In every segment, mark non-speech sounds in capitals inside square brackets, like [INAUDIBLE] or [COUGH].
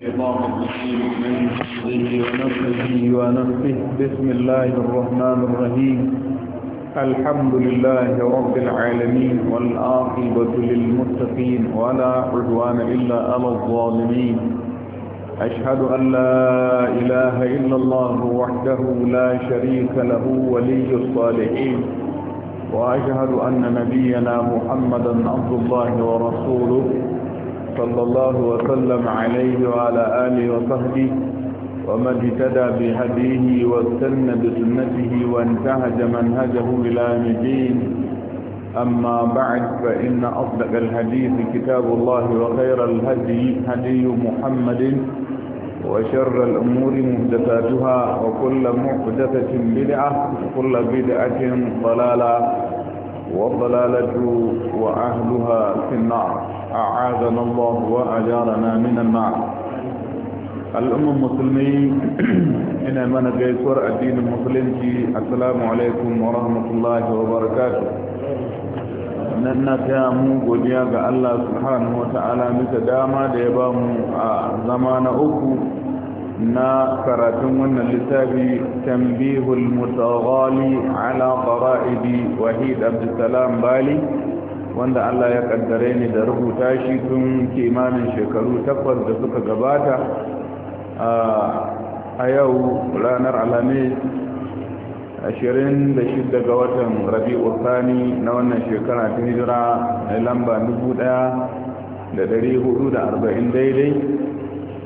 بسم الله الرحمن الرحيم الحمد لله رب العالمين والآقبة للمتقين ولا عدوان إلا على الظالمين أشهد أن لا إله إلا الله وحده لا شريك له ولي الصالحين وأشهد أن نبينا محمدا عبد الله ورسوله صلى الله وسلم عليه وعلى آله وصحبه ومن اهتدى بهديه واستنى بسنته وانتهج منهجه إلى الدين أما بعد فإن أصدق الحديث كتاب الله وخير الهدي هدي محمد وشر الأمور محدثاتها وكل محدثة بدعة وكل بدعة ضلالة وضلالة وأهلها في النار أعاذنا الله وأجارنا من النار al'ummar musulmi ina mana gaisuwar addinin musulunci assalamu alaikum wa rahmatullahi wa barakatu na taya mu godiya ga allah subhanahu wa ta'ala mita dama da ya bamu a zama na uku na karatun wannan littafi tambihul mutaghali ala qara'idi wahid abdulsalam bali wanda Allah ya kaddare ni da rubuta shi tun kimanin shekaru takwas da suka gabata a yau ranar alhamis 26 ga watan rabi'u sani na wannan shekara ta hijira na lamba 1440 daidai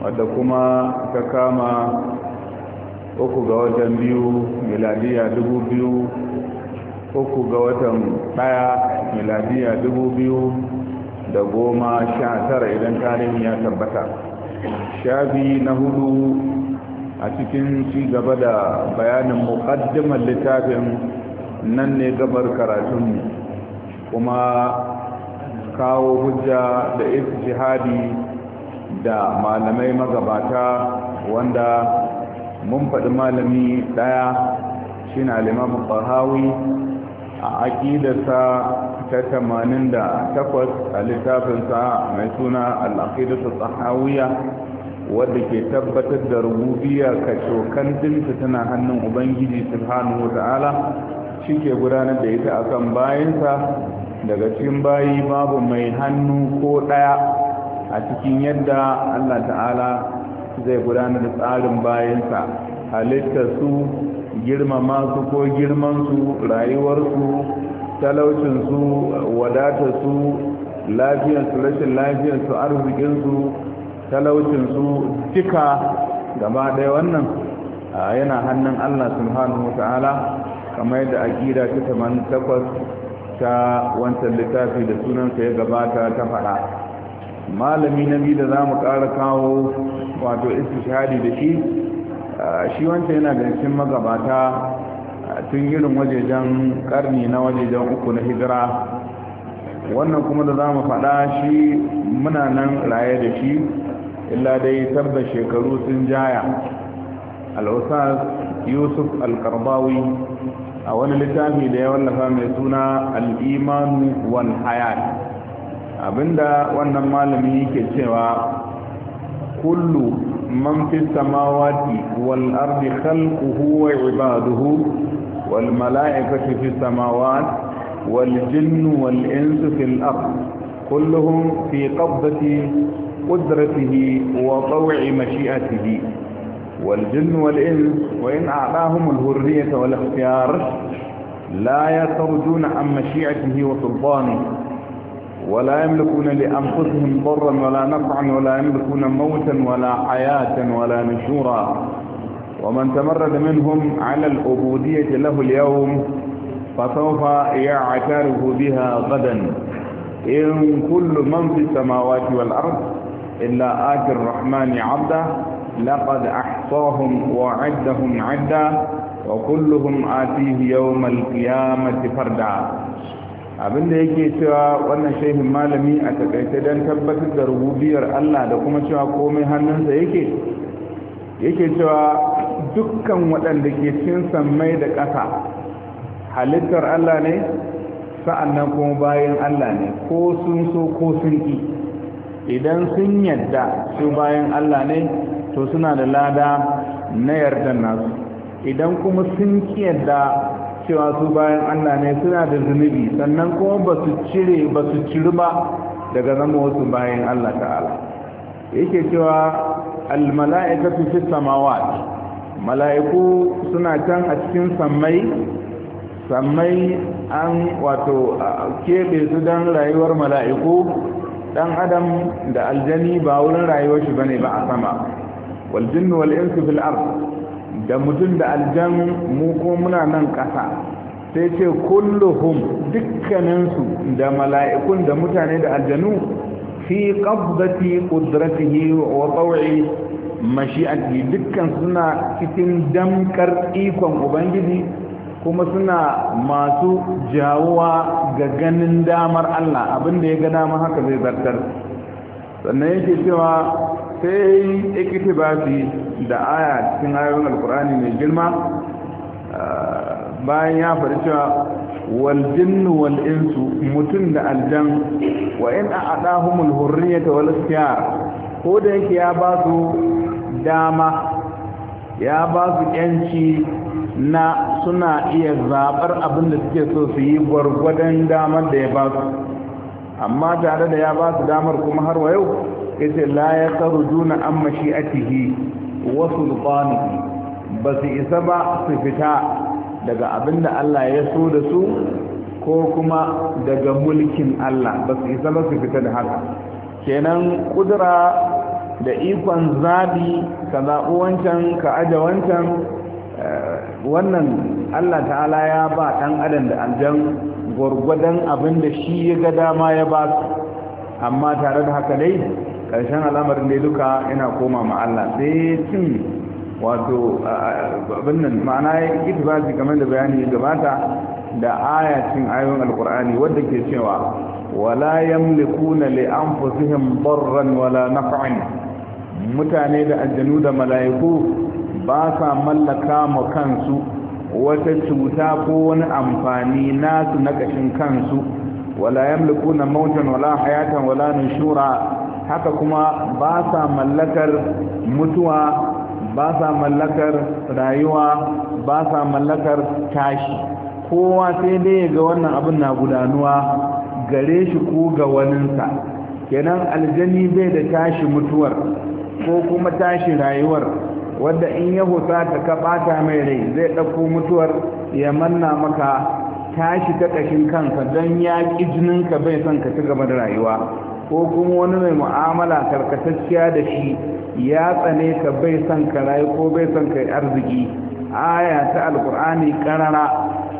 wadda kuma ta kama uku ga watan biyu miladiya dubu biyu uku ga watan daya miladiya dubu biyu da goma sha tara idan tarihi ya tabbata shafi na hudu a cikin cigaba da bayanin muƙaddimar littafin nan ne gabar karatunmu kuma kawo hujja da jihadi da malamai magabata wanda mun faɗi malami ɗaya shi na limamin ɓarhawi a aƙidarsa ta tamanin da takwas a littafinsa mai suna al'aqidatu tsahawiyya wadda ke tabbatar da rububiya ka cokan dinta tana hannun ubangiji subhanahu ta'ala shi ke gudanar da ita akan bayansa daga cikin bayi babu mai hannu ko ɗaya a cikin yadda allah ta'ala zai gudanar da tsarin bayansa halittarsu girmama su ko girmansu rayuwarsu talaucinsu wadatarsu lafiyarsu rashin lafiyarsu arzikinsu talaucinsu duka gaba ɗaya wannan yana hannun allah subhanahu ta'ala kamar yadda akida ta taman takwas ta wancan littafi da sunansa ya gabata ta faɗa malami na biyu da za mu ƙara kawo wato istishadi da shi shi wancan yana da cikin magabata tun irin wajejen karni na wajejen uku na hijira wannan kuma da za mu faɗa shi muna nan raye da shi illa dai tarda shekaru sun jaya al'usas yusuf al-karbawi a wani littafi da ya wallafa mai suna al'imanu wal hayat abinda wannan malami yake cewa kullu من في السماوات والأرض خلقه وعباده والملائكة في السماوات والجن والإنس في الأرض كلهم في قبضة قدرته وطوع مشيئته والجن والإنس وإن أعطاهم الهرية والاختيار لا يخرجون عن مشيئته وسلطانه ولا يملكون لأنفسهم ضرا ولا نفعا ولا يملكون موتا ولا حياة ولا نشورا ومن تمرد منهم على العبودية له اليوم فسوف يعترف بها غدا إن كل من في السماوات والأرض إلا آتي الرحمن عبدا لقد أحصاهم وعدهم عدا وكلهم آتيه يوم القيامة فردا abinda yake cewa wannan shehin malami a takaice don tabbatar da rububiyar Allah da kuma cewa komai hannunsa yake yake cewa dukkan waɗanda ke cin sammai da ƙasa halittar Allah ne sa'annan kuma bayan Allah ne ko sun so ko sun ƙi idan sun yadda su bayan Allah ne to suna da lada na yarda nasu idan kuma sun ƙi yadda cewa su bayan Allah ne suna da zunubi sannan kuma ba su cire ba su ciri ba daga zama wasu bayan Allah ta'ala yake cewa almala'ikatu fi samawat mala'iku suna can a cikin sammai sammai an wato keɓe su don rayuwar mala'iku dan adam da aljani ba wurin rayuwar shi bane ba a sama waljinnu wal insu fil ard da mutum da aljan mu ko muna nan kasa sai ce kulluhum dukkaninsu da mala'ikun da mutane da aljanu fi qabdati qudratihi wa taw'i mashi'ati dukkan suna cikin damkar ikon ubangiji kuma suna masu jawuwa ga ganin damar Allah abinda ya ga dama haka zai zartar sannan yake cewa sai ba su da aya cikin ayoyin alkur'ani mai girma bayan ya faɗi cewa wal jinnu mutum da aljan wa in a adahumul hurriyata wani siya ko da yake ya ba su dama ya ba su yanci na suna iya zaɓar abin da suke so su yi gwargwadon damar da ya ba su amma tare da ya ba su damar kuma har wa yau yace la ya tarjuna an mashi'atihi wa sultanihi ba su isa ba su fita daga abinda Allah ya so da su ko kuma daga mulkin Allah ba su isa ba su fita da haka kenan kudura da ikon zabi ka zaɓi wancan ka aje wancan eh, wannan Allah ta'ala ya ba ɗan adam da aljan gwargwadon abin shi ya ga dama ya ba su amma tare da haka dai karshen al'amarin dai duka yana koma ma Allah sai cin wato abin ma'ana ya itibazi game da bayani ya gabata da ayacin ayoyin alkur'ani wadda ke cewa wala yamlikuna li anfusihim darran wala naf'an mutane da aljanu da mala'iku ba sa mallaka ma kansu wata cuta ko wani amfani nasu na kashin kansu wala yamlikuna mautan wala hayatan wala nushura haka kuma ba sa mallakar mutuwa ba sa mallakar rayuwa ba sa mallakar tashi kowa sai dai ya ga wannan abin na gudanuwa gare shi ko ga waninsa kenan aljani bai da tashi mutuwar ko kuma tashi rayuwar wadda in ya husa ta ka mai rai zai ɗauko mutuwar ya manna maka tashi ta ƙashin kansa don ya ƙi jininka bai son ka ci gaba da rayuwa ko kuma wani mai mu'amala karkatacciya da shi ya tsane ka bai son ka rayu ko bai son ka arziki aya ta alkur'ani karara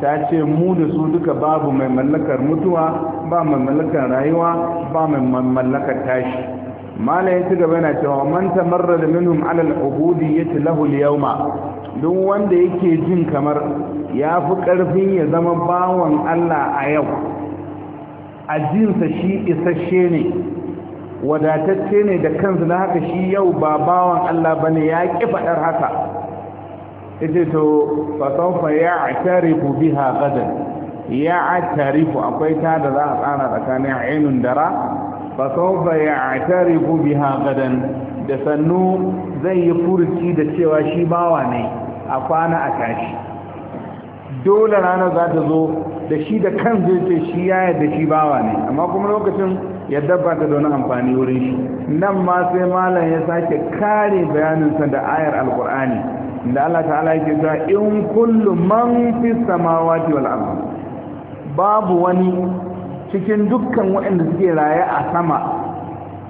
ta ce mu da su duka babu mai mallakar mutuwa ba mai mallakar rayuwa ba mai mallakar tashi malayin ci gaba yana cewa man tamarra da minhum alal ubudi yace lahu yawma duk wanda yake jin kamar ya fi karfin ya zama bawon Allah a yau ajinsa shi isasshe ne wadatacce ne da kansu na haka shi yau ba bawan Allah bane ya ki faɗar haka ita to fasaufa ya atarifu biha gadan ya akwai ta da za a tsana tsakanin ainun dara fasaufa ya atarifu biha gadan da sannu zai yi furuci da cewa shi bawa ne a kwana a tashi dole rana za ta zo da shi da kan zai ce shi ya yadda shi bawa ne amma kuma lokacin yadda ba ta dauna amfani wurin shi nan ma sai malam ya sake kare bayaninsa da ayar alkur'ani da Allah ta'ala yake cewa in kullu man fi samawati wal ardh babu wani cikin dukkan waɗanda suke raye a sama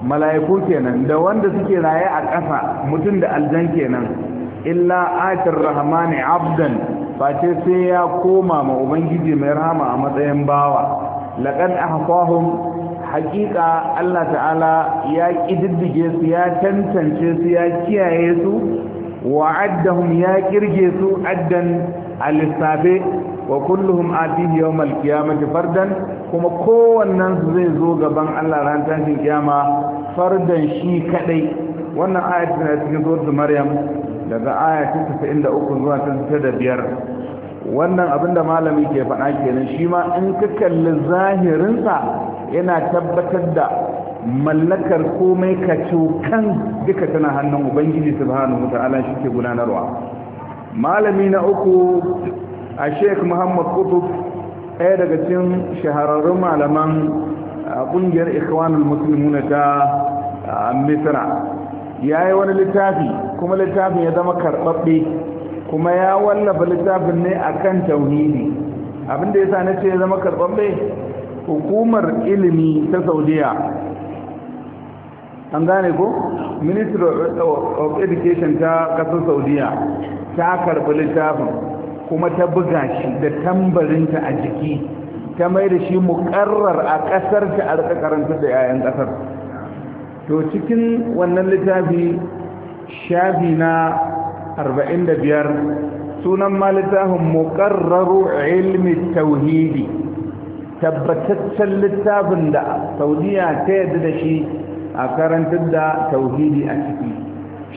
mala'iku kenan da wanda suke raye a ƙasa mutum da aljan kenan illa atir rahmani abdan face sai ya koma ma ubangiji mai rahama a matsayin bawa laqad ahsahum haqiqa Allah ta'ala ya kididdige su ya tantance su ya kiyaye su wa ya kirge su addan alisabe wa kulluhum atihi yawmal qiyamati fardan kuma kowannen su zai zo gaban Allah ran tashin kiyama fardan shi kadai wannan ayatu na cikin suratul maryam daga aya ta uku zuwa ta da biyar wannan abinda malami ke faɗa kenan shi ma in ka kalli zahirinsa yana tabbatar da mallakar komai ka kan duka tana hannun ubangiji subhanahu wata'ala shi ke gudanarwa malami na uku a sheikh muhammad kutub ɗaya daga cikin shahararrun malaman ƙungiyar ikhwanul muslimuna ta misra ya yi wani littafi kuma littafin ya zama karɓaɓɓe kuma ya wallafa littafin ne a kan tauhidi abinda ya sa na ce ya zama karɓaɓɓe hukumar ilimi ta saudiya an gane ko ministry of education ta ƙasar saudiya ta karɓi littafin kuma ta buga shi da tambarinta a jiki ta mai da shi mukarrar a ƙasar ta a karanta da 'ya'yan ƙasar to cikin wannan littafi shafi na 45 sunan ma littafin muƙarraru ilmi tauhidi tabbataccen littafin da saudiya ta yadda da shi a karantar da tauhidi a ciki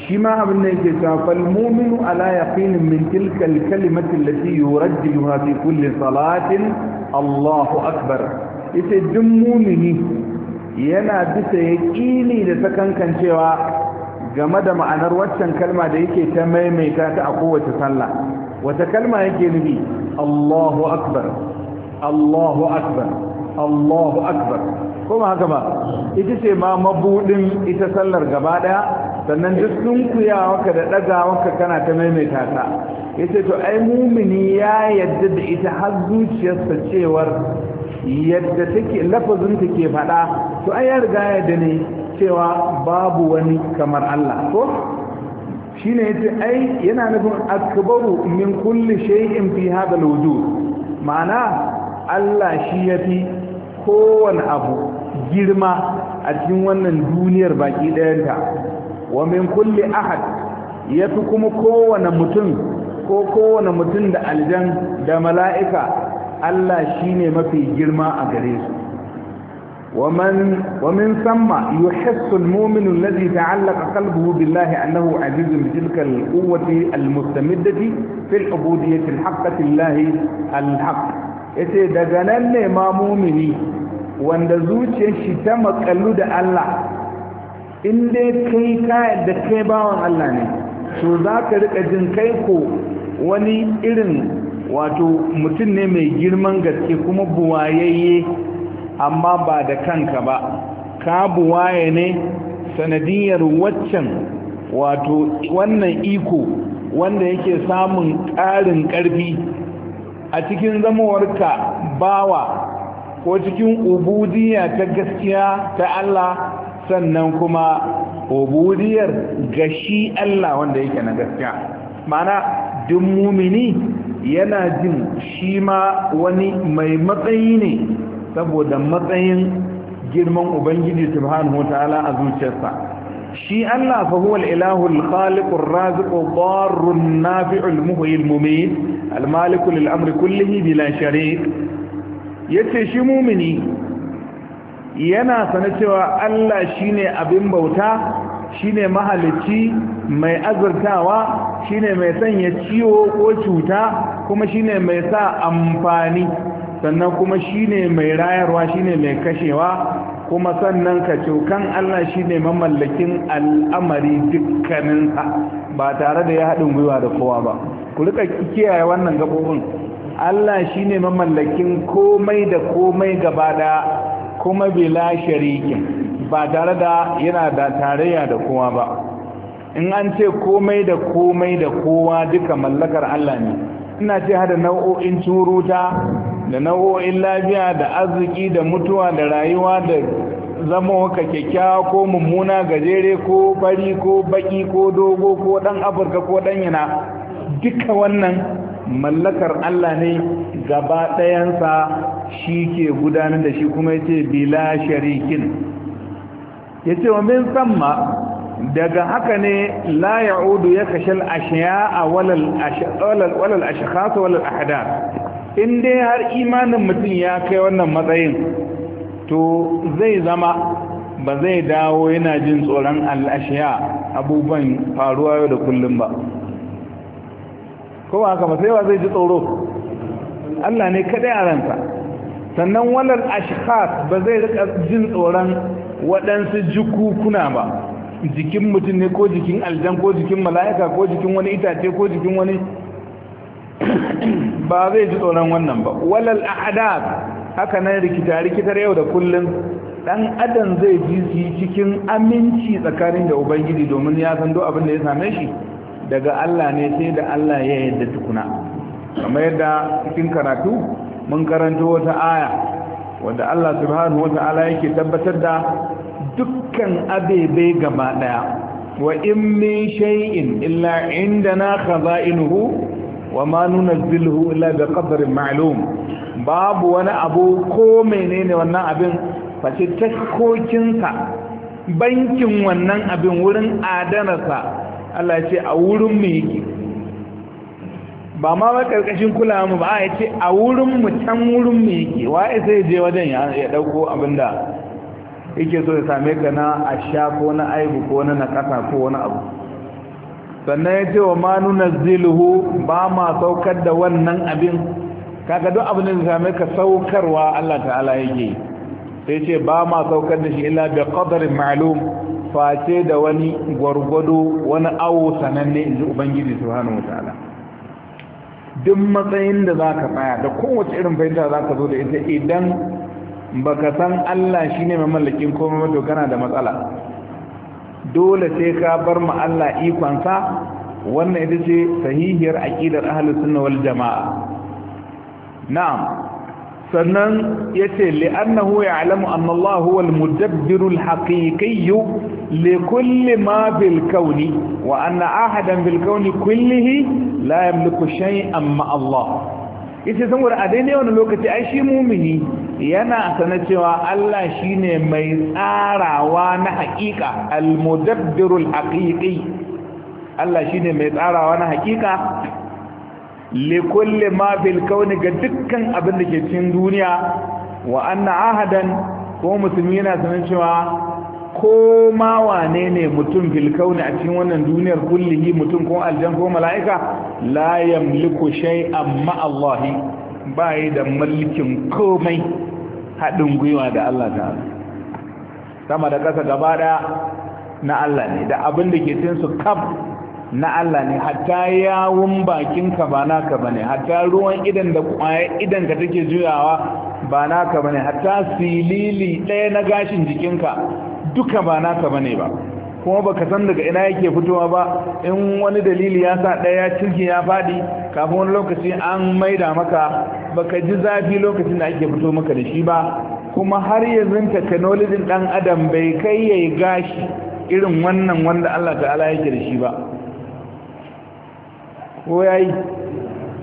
shi ma abin da yake cewa mu'minu ala yaqinin min tilka al kalimati allati fi kulli salatin Allahu akbar ita duk mu'mini yana bisa ya ƙili da kankancewa game da ma'anar waccan kalma da yake ta maimaita ta a kowace sallah wata kalma yake nufi Allahu akbar Allahu akbar Allahu akbar kuma haka ba ita ce ma mabudin ita sallar gaba daya sannan duk sunkuyawa ka da ɗagawa ka kana ta maimaita ta yace to ai mumini ya yadda da ita har zuciyarsa cewar yadda take lafazin ta ke faɗa to ai ya riga ya da ne cewa babu wani kamar Allah ko shine yace ai yana nufin akbaru min kulli shay'in fi hadha alwujud ma'ana Allah shi yafi kowane abu girma a cikin wannan duniyar baki ɗayanta wa min kulli ahad yafi kuma kowane mutum ko kowane mutum da aljan da mala'ika Allah shine mafi girma a gare su ومن ثم يحس المؤمن الذي تعلق قلبه بالله أنه yace daga nan ne ma mumini wanda zuciyar shi ta makallu da Allah in dai kai ka da kai bawan Allah ne to za ka rika jin kai ko wani irin wato mutum ne mai girman gaske kuma buwayayye amma ba da kanka ba ka buwaye ne sanadiyar waccan wato wannan iko wanda yake samun ƙarin ƙarfi a cikin zamowarka bawa ko cikin ubudiya ta gaskiya ta Allah sannan kuma ubudiyar gashi Allah wanda yake na gaskiya mana duk mumini yana jin shi ma wani mai matsayi ne saboda matsayin girman ubangiji subhanahu ta'ala a zuciyarsa shi Allah fa huwa al-ilahu al-khaliq ar-raziq ad-dar an-nafi' al-muhyi al-mumit al lil-amri kullihi bila sharik yace shi mumini yana sana cewa Allah shine abin bauta shine mahalicci mai azurtawa shine mai sanya ciwo ko cuta kuma shine mai sa amfani sannan kuma shine mai rayarwa shine mai kashewa kuma sannan ka cokan Allah shine mamallakin al'amari dukkaninsa ba tare da ya haɗin gwiwa da kowa ba ku rika kiyaye wannan gabobin Allah shine mamallakin komai da komai gaba ɗaya kuma bila sharikin ba tare da yana da tarayya da kowa ba in an ce komai da komai da kowa duka mallakar Allah ne ina ce hada nau'o'in curuta da nau'o'in lafiya da arziki da mutuwa da rayuwa da zama ka kyakkyawa ko mummuna gajere ko fari ko baki ko dogo ko dan afirka ko dan yana duka wannan mallakar Allah ne gaba ɗayansa shi ke gudanar da shi kuma ya ce bila sharikin ce wa min samma daga haka ne la udu ya kashe ashiya'a a walal ashikasa walal ahdath in dai har imanin mutum ya kai wannan matsayin to zai zama ba zai dawo yana jin tsoron al'ashiya abubuwan faruwa yau da kullum ba kuma haka sai ba zai ji tsoro Allah ne kaɗai a ranta sannan walar ashikar ba zai rika jin tsoron waɗansu jikukuna ba jikin mutum ne ko jikin aljan ko jikin mala'ika ko jikin wani itace ko jikin wani [CLEARS THROAT] ba zai ji tsoron wannan ba walal ahadab haka nan rikita rikitar yau da kullum dan adam zai ji shi cikin aminci tsakanin da ubangiji domin ya san do abin da ya same shi daga Allah ne sai da Allah ya yadda tukuna kamar yadda cikin karatu mun karanto wata aya wanda Allah subhanahu wa ta'ala yake tabbatar da dukkan abebe gaba daya wa in min shay'in illa indana khaza'inuhu wa ma nunazziluhu illa bi qadarin ma'lum babu wani abu ko menene wannan abin face taskokinsa bankin wannan abin wurin adanarsa Allah ya ce a wurin mu yake ba ma ba karkashin kulawa mu ba a ce a wurin mu can wurin mu yake wa ya sai je wajen ya dauko abinda yake so ya same ka na asha ko na aibu ko na nakasa ko wani abu sannan ya ce wa ma nuna ba ma saukar da wannan abin kaga duk abin da ya same ka saukarwa Allah ta'ala yake sai ce ba ma saukar da shi illa bi qadarin ma'lum face da wani gwargwado wani awo sananne inji ubangiji subhanahu wa ta'ala duk matsayin da za ka tsaya da kowace irin fahimta za ka zo da ita idan ba ka san Allah shi ne mai mallakin komai mato kana da matsala dole sai ka bar ma Allah ikonsa wannan ita ce sahihiyar aƙidar ahlus sunna wal jamaa na'am sannan ya ce li'annahu ya alamu annallahu wal mudabbirul haqiqiyyu li kulli ma bil kauni wa anna ahadan bil kauni kullihi la yamliku shay'an ma Allah yace saboda a daidai wani lokaci ai shi mumini yana sanar cewa Allah shine mai tsarawa na haƙiƙa al mudabbirul haqiqi Allah shine mai tsarawa na haƙiƙa likulli ma filkauni kauni ga dukkan abin da ke cikin duniya wa anna ahadan ko musulmi yana sanin cewa ko ma wane ne mutum bil kauni a cikin wannan duniyar kullihi mutum ko aljan ko mala'ika la yamliku shay'an ma Allah bai da mulkin komai haɗin gwiwa da Allah ta'ala sama da kasa gaba na Allah ne da abin da ke cikin su kaf na Allah ne hatta yawun bakinka ba naka bane hatta ruwan idan da kwaye idan ka take juyawa ba naka bane hatta silili ɗaya na gashin jikinka duka ba naka bane ba kuma baka san daga ina yake fitowa ba in wani dalili ya sa ɗaya cirki ya faɗi kafin wani lokaci an maida maka baka ji zafi lokacin da ake fito maka da shi ba kuma har yanzu technology ɗan adam bai kai yayi gashi irin wannan wanda Allah ta'ala yake da shi ba ko ya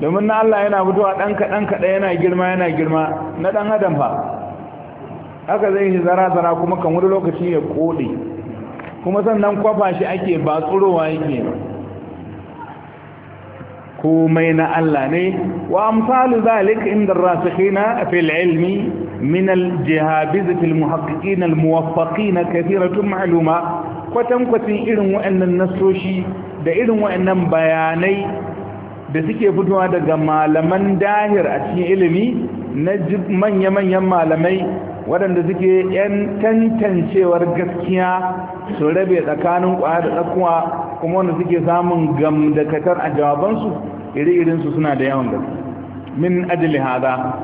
domin na Allah yana mutuwa ɗan kaɗan kaɗa yana girma yana girma na ɗan adam fa haka zai shi zara-zara kuma kan wani lokaci ya koɗe kuma sannan kwafa shi ake ba tsurowa yake komai na Allah ne wa amsalu zalika inda a fil ilmi min al jihabizat al muhaqqiqin al muwaffaqin kathiratun ma'luma kwatan irin wa'annan nasoshi da irin wa'annan bayanai da suke fitowa daga malaman dahir a cikin ilimi na manya-manyan malamai waɗanda suke 'yan tantancewar gaskiya su rabe tsakanin ƙwaya da tsakuwa kuma wanda suke samun gamdakatar a jawabansu iri-irinsu suna da yawan gaske min ajali hada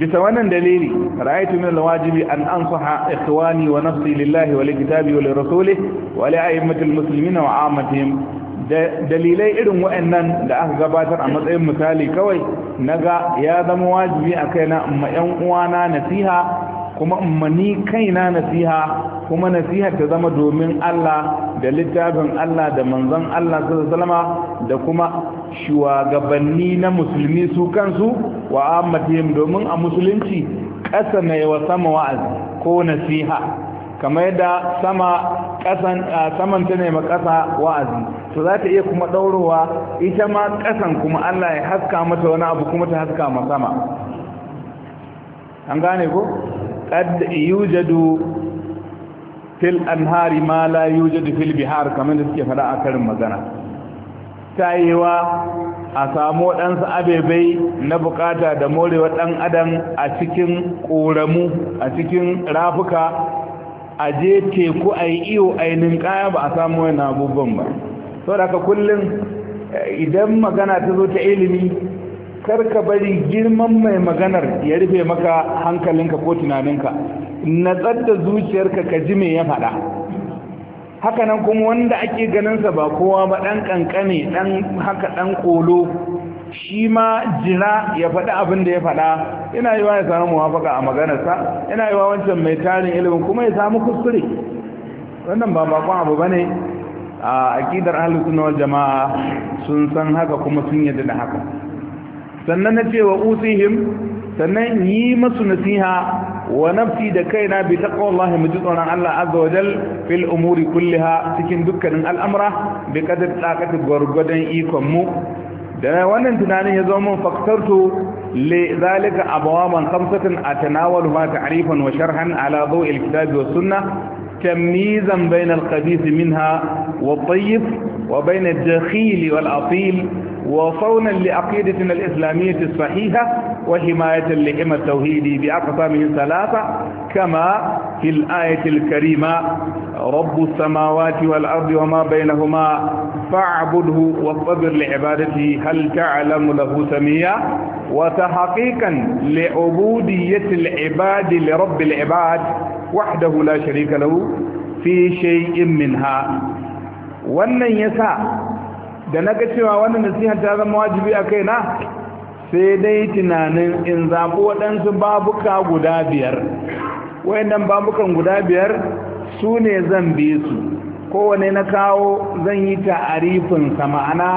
bisa wannan dalili ra'aytu min alwajibi an ansaha ikhwani wa nafsi lillahi wa likitabi wa lirasuli wa li a'immati wa amatihim da dalilai irin waɗannan da aka gabatar a matsayin misali kawai naga ya zama wajibi a kaina amma yan uwana nasiha kuma amma ni kaina nasiha kuma nasiha ta zama domin Allah da littafin Allah da manzon Allah sallallahu da kuma shugabanni na musulmi su kansu wa ammatihim domin a musulunci kasa ne wa sama wa'azi ko nasiha kamar yadda sama kasan saman ta nema kasa wa'azi to za ta iya kuma daurowa ita ma kasan kuma Allah ya haska mata wani abu kuma ta haska ma sama an gane ko qad yujadu fil anhari ma la yujadu fil bihar kamar da suke fada a karin magana tayewa a samu waɗansu abebai na bukata da morewa ɗan adam a cikin ƙoramu a cikin rafuka a je teku a yi iyo ainihin kaya ba a samu wani abubuwan ba sau da kullum eh, idan magana ta zo ta ilimi kar ka bari girman mai maganar ya rufe maka hankalinka ko tunaninka na da zuciyarka ka ji me ya faɗa hakanan kuma wanda ake ganinsa ba kowa ba ɗan ƙanƙane ɗan haka ɗan ƙolo shi ma jira ya faɗi abin da ya faɗa ina yi wa ya samu muwafaka a maganarsa ina yi wa wancan mai tarin ilimin kuma ya samu kuskure wannan ba bakon abu ba ne a aƙidar na jama'a sun san haka kuma sun yadda da haka sannan na cewa usihim sannan yi masu nasiha wa nafsi da kaina bi taqwallahi mu ji tsoron Allah azza wa jal fil umuri kulliha cikin dukkanin al'amura bi qadar taqati gurgudan ikon mu da wannan tunanin ya zama faktartu li zalika abwaban khamsatin atanawalu ma ta'rifan wa sharhan ala dawi alkitabi wa sunnah tamyizan bayna al alkhabith minha wa at-tayyib wa bayna ad-dakhil wa al atil wa wa li al-islamiyyah as-sahiha himayatan وصونا لعقيدتنا الإسلامية الصحيحة وحماية لحمى التوحيد بأقسامه الثلاثة al-karima rabbus samawati wal ardi wa ma بينهما فاعبده واصطبر لعبادته هل تعلم له سميا وتحقيقا لعبودية العباد لرب العباد وحده لا شريك له في شيء منها wannan yasa da naga cewa wannan nasiha ta zama wajibi a kaina sai dai tunanin in zaɓi waɗansu babuka guda biyar wayannan babukan guda biyar su ne zan bi su kowane na kawo zan yi ta'arifinsa ma'ana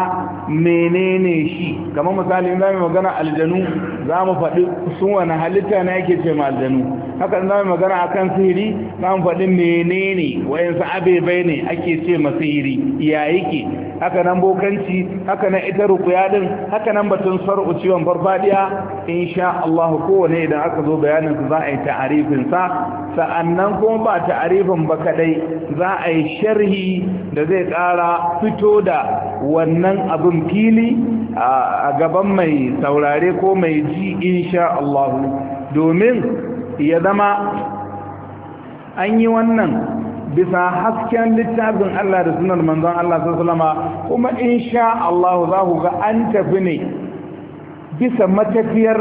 menene shi kamar misali za mu magana aljanu za mu faɗi sun wani halitta na yake ce ma aljanu haka za mu magana kan sihiri za mu faɗi menene wayansu abebai ne ake ce ma sihiri ya yake haka nan bokanci haka nan ita rukuya din haka nan batun sar'u ciwon barbadiya insha Allah kowane idan aka zo bayanin su za a yi ta'arifin sa sa'annan kuma ba ta'arifin ba kadai za a yi sharhi da zai tsara fito da wannan abin fili a gaban mai saurare ko mai ji insha Allah domin ya zama an yi wannan bisa hasken littafin Allah da sunan manzon Allah sallama kuma insha Allah za ku ga an tafi ne bisa matafiyar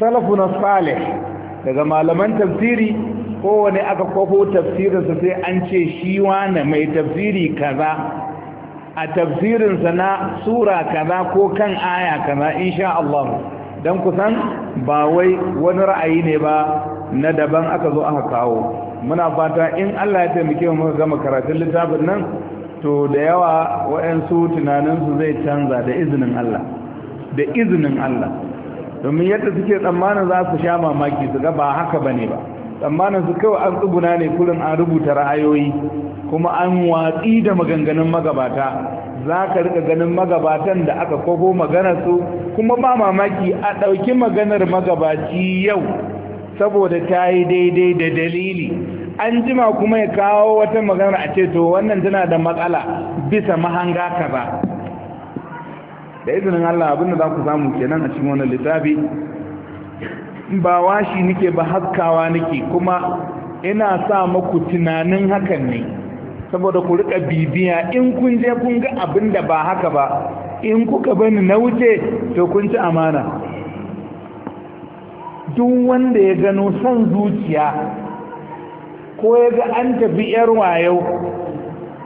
salafun salih daga malaman tafsiri kowane aka kwafo tafsirinsa sai an ce shi wane mai tafsiri kaza a tafsirinsa na sura kaza ko kan aya kaza insha Allah don kusan ba wai wani ra'ayi ne ba na daban aka zo aka kawo muna fata in Allah ya taimake mu muka gama karatun littafin nan to da yawa waɗansu tunaninsu zai canza da izinin Allah da izinin Allah domin yadda suke tsammanin za su sha mamaki su ga ba haka bane ba tsammanin su kawai an tsubuna ne kullum an rubuta ra'ayoyi kuma an watsi da maganganun magabata za ka rika ganin magabatan da aka maganar maganarsu kuma ba mamaki a ɗauki maganar magabaci yau saboda ta yi daidai da dalili an jima kuma ya kawo wata magana a ce to wannan tana da matsala bisa mahanga ba. da izinin Allah abinda za ku samu kenan a cikin wannan littafi ba washi nake ba haskawa nake kuma ina sa muku tunanin hakan ne saboda ku rika bibiya in kun je kun ga abin ba haka ba in kuka bani na wuce to kun ci amana duk wanda ya gano son zuciya ko ya ga an tafi yar wayo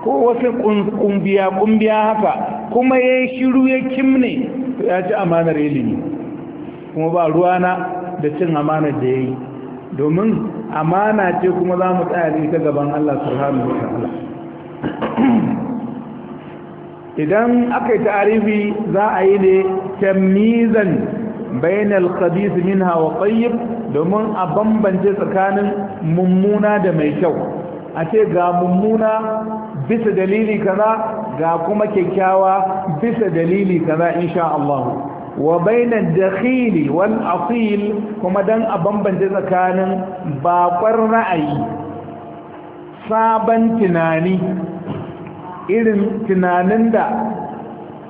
ko wata kumbiya kumbiya haka kuma ya yi shiru ya kimne ya ci amanar ilimi kuma ba ruwana da cin amanar da ya yi domin amana ce kuma za mu tsaya ta gaban Allah subhanahu wa ta'ala idan aka yi tarihi za a yi ne tamizan bainal khabith minha wa tayyib domin a bambance tsakanin mummuna da mai kyau a ce ga mummuna bisa dalili kaza ga kuma kyakkyawa bisa dalili kaza insha Allah wa bainan dakhili wal asil kuma dan a bambance tsakanin bakwar ra'ayi sabon tunani irin tunanin da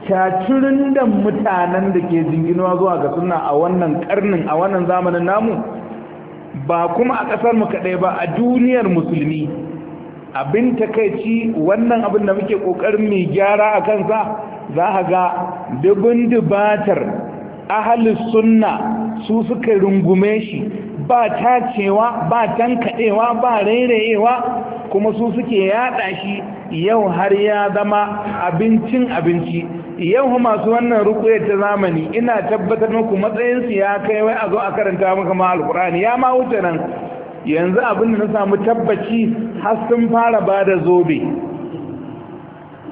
cacirin da mutanen da ke jinginuwa zuwa ga suna a wannan karnin a wannan zamanin namu ba kuma a kasar mu kaɗai ba a duniyar musulmi abin takaici wannan abin da muke ƙoƙarin mai gyara a kansa za a ga dubin dubatar ahalus sunna su suka rungume shi ba tacewa ba tankaɗewa ba rairayewa kuma su suke yaɗa shi yau har ya zama abincin abinci yau masu wannan rukuya ta zamani ina tabbatar muku matsayinsu ya kai wai a zo a karanta maka ma alkur'ani ya ma wuce nan yanzu abin da na samu tabbaci har sun fara bada zobe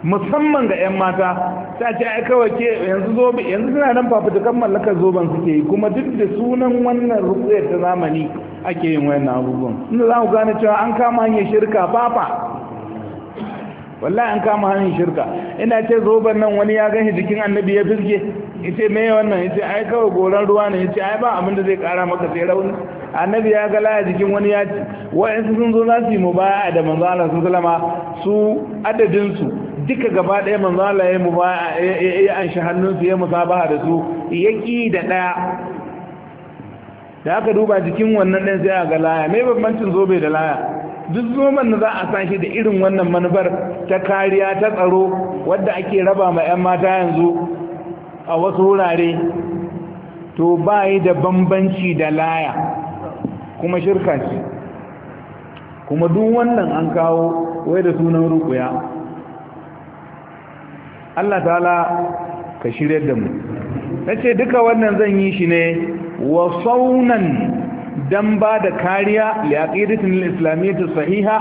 musamman ga 'yan mata ta ce ai kawai ke yanzu zobe yanzu suna nan fafutukan mallakar zoben suke yi kuma duk da sunan wannan rukuyar ta zamani ake yin wannan abubuwan inda za mu gane cewa an kama hanyar shirka fafa wallahi an kama hanyar shirka ina ce zoben nan wani ya gani jikin annabi ya ya yace me wannan yace ai kawai goran ruwa ne yace ai ba abin da zai kara maka sai rauni annabi ya ga laya jikin wani ya ci wa'ansu sun zo za su yi mubaya da manzo Allah sallallahu alaihi su adadin su duka gaba ɗaya manzo Allah ya mu ya an shi hannunsu ya musabaha da su yaki da ɗaya da aka duba jikin wannan ɗan sai a ga laya mai bambancin zobe da laya duk zoman da za a sa shi da irin wannan manufar ta kariya ta tsaro wadda ake raba ma 'yan mata yanzu a wasu wurare to ba yi da bambanci da laya kuma shirka ce kuma duk wannan an kawo wai da sunan rukuya Allah ta'ala ka shiryar da mu ce duka wannan zan yi shi ne wa saunan dan ba da kariya li aqidatin islamiyyati sahiha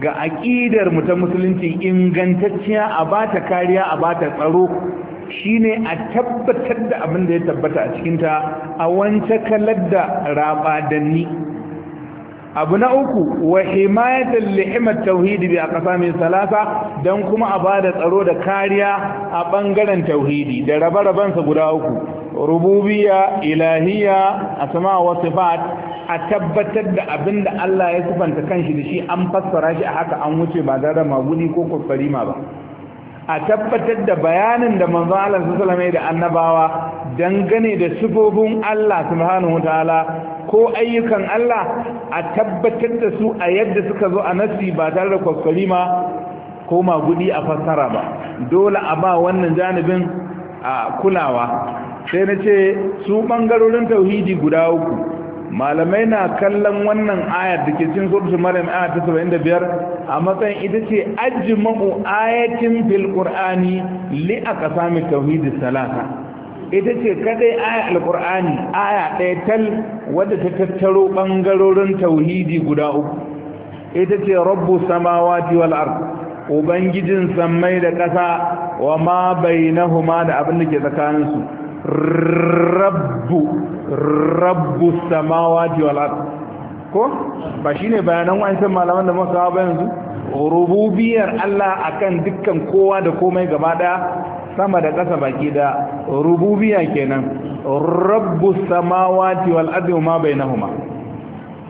ga aqidar mu ta musulunci ingantacciya a bata kariya a bata tsaro shine a tabbatar da abin da ya tabbata a cikinta a wance kalar da rabadanni abu na uku wa himayatan lihimat tauhidi bi aqsami salasa dan kuma a bada tsaro da kariya a bangaren tauhidi da rabe-raben sa guda uku rububiyya ilahiyya asma wa sifat a tabbatar da abinda Allah ya sifanta kanshi da shi an fassara shi a haka an wuce ba da maguni ko ko ma ba a tabbatar da bayanin da manzo Allah sallallahu alaihi da annabawa dangane da sifofin Allah subhanahu ta'ala ko ayyukan Allah a tabbatar da su a yadda suka zo a nasi ba tare da kwakwalima ko magudi a fassara ba dole a ba wannan janibin a kulawa sai na ce su ɓangarorin tauhidi guda uku malamai na kallon wannan ayar da ke cin surutu maryam aya ta biyar. a matsayin ita ce ajma'u ayatin fil qur'ani li sami tauhidi salasa ita ce kadai aya alkur'ani aya ɗaya tal wadda ta tattaro ɓangarorin tauhidi guda uku ita ce rabbu samawati wal ard ubangijin sammai da ƙasa wa ma bainahuma da abin da ke tsakanin su rabbu rabbu samawati wal ard ko ba shine bayanan wa'ancan malaman da muka ba yanzu rububiyar Allah akan dukkan kowa da komai gaba daya sama da ƙasa baki da rububiya kenan rabbu samawati wal ardi ma bainahuma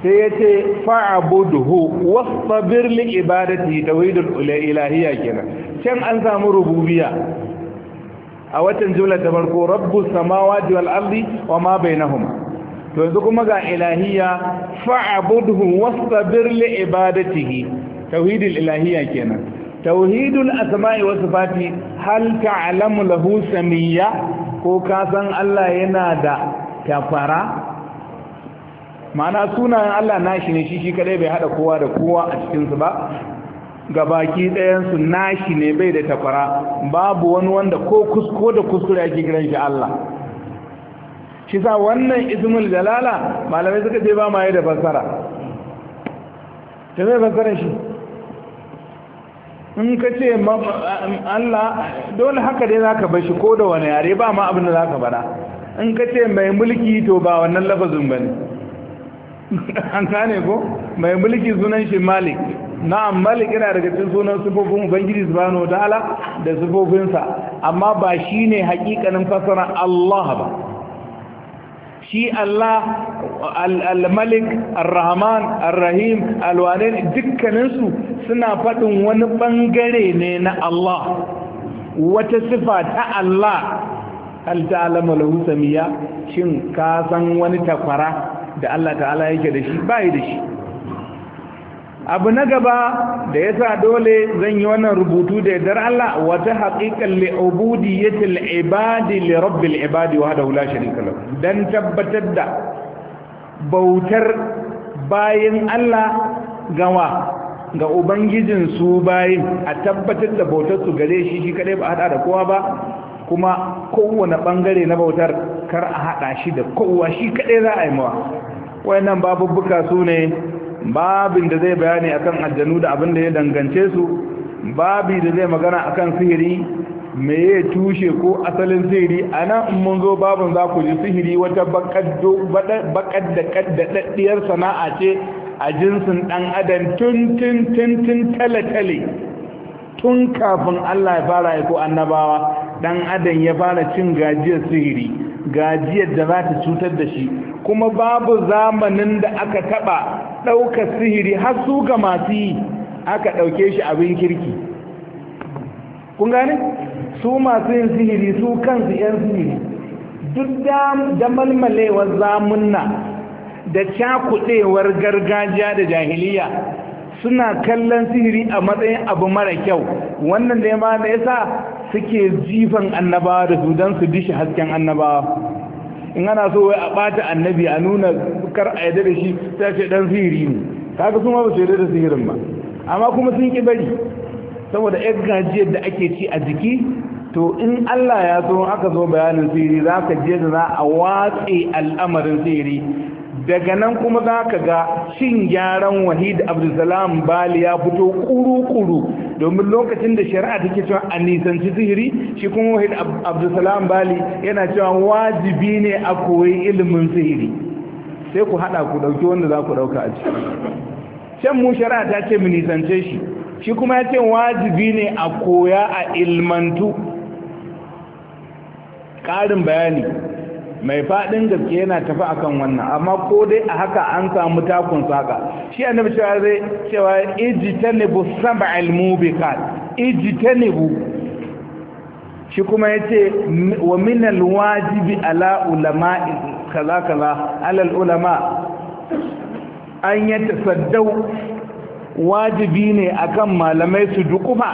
sai yace fa'budhu wastabir li ibadati tawhidul ilahiyya kenan can an samu rububiya a watan jumla ta farko rabbu samawati wal ardi wa ma bainahuma to yanzu kuma ga ilahiyya fa'budhu wastabir li ibadatihi tawhidul ilahiyya kenan توحيد asma'i والصفات هل hal له lahu samiyya ko ka san Allah yana da tafara ma'ana sunayen Allah nashi ne shi shi kadai bai hada kowa da kowa a cikin su ba gabaki ɗayansu nashi ne bai da tafara babu wani wanda ko kusko da kuskure ake giran shi Allah shi sa wannan ismul jalala malamai suka ce ba ma yi da fassara ta mai fassarar shi in ka ce um, Allah dole haka dai zaka bar shi ko da wani yare ba ma abin da zaka bara in ka ce mai mulki to ba wannan lafazin bane [LAUGHS] an gane ko mai mulki sunan shi malik na'am malik yana daga cikin sunan sufofin ubangiji subhanahu ta'ala da sufofinsa amma ba shine hakikanin fasara Allah ba shi Allah al-malik Al-rahamman, rahman al rahim alwane dukkaninsu suna faɗin wani ɓangare ne na Allah wata sifa ta Allah hal ta'lamu lahu shin ka san wani takwara da Allah ta'ala yake da shi bai da shi abu na gaba da yasa dole zan yi wannan rubutu da yardar Allah wata haqiqan li ubudiyyatil ibadi li rabbil ibadi hada la sharika lahu dan tabbatar da bautar bayan Allah gawa ga ubangijin su bayin a tabbatar da bautar su gare shi shi kadai ba hada da kowa ba kuma kowane bangare na bautar kar a hada shi da kowa shi kadai za a yi mawa wayannan babubbuka su ne babin da zai bayani akan aljanu da abin da ya dangance su babi da zai magana akan sihiri me ya tushe ko asalin sihiri a nan mun zo babin za ku ji sihiri wata bakar da kaddadaddiyar sana'a ce a jinsin dan adam tun tun tun tun tale-tale tun kafin allah ya fara ya ko annabawa dan adam ya fara cin gajiyar sihiri gajiyar da za ta cutar da shi kuma babu zamanin da aka taba ɗaukar sihiri har su ga masu yi aka ɗauke shi abin kirki kun gane su masu yin sihiri su kansu 'yan sihiri duk da malmalewar zamunna da cakuɗewar gargajiya da jahiliya suna kallon sihiri a matsayin abu mara kyau wannan da ya da yasa suke jifan annabawa da su don su dishi hasken annabawa in ana so wai a ɓata annabi a nuna kar a yadda da shi ta ce dan sihiri ne kaga su ma ba su yadda da sihirin ba amma kuma sun ki bari saboda yan gajiyar da ake ci a jiki to in Allah ya zo aka zo bayanin sihiri za ka je da za a watse al'amarin sihiri daga nan kuma za ka ga shin gyaran wahid abdulsalam bali ya fito kuru-kuru domin lokacin da shari'a ta ke cewa a nisanci sihiri shi kuma wahid abdulsalam bali yana cewa wajibi ne a koyi ilimin sihiri sai ku hada ku dauki wanda za ku dauka a ciki can mu shari'a ta ce mu nisance shi shi kuma ya ce wajibi ne a koya a ilmantu Karin bayani mai faɗin gaske yana tafi akan wannan amma ko dai a haka an samu takun saka shi annabi cewa zai cewa ijtanibu sab'al mubiqat ijtanibu shi kuma yace wa min al wajibi ala ulama'i kaza kaza alal ulama an yadda tasaddau wajibi ne akan malamai su dukufa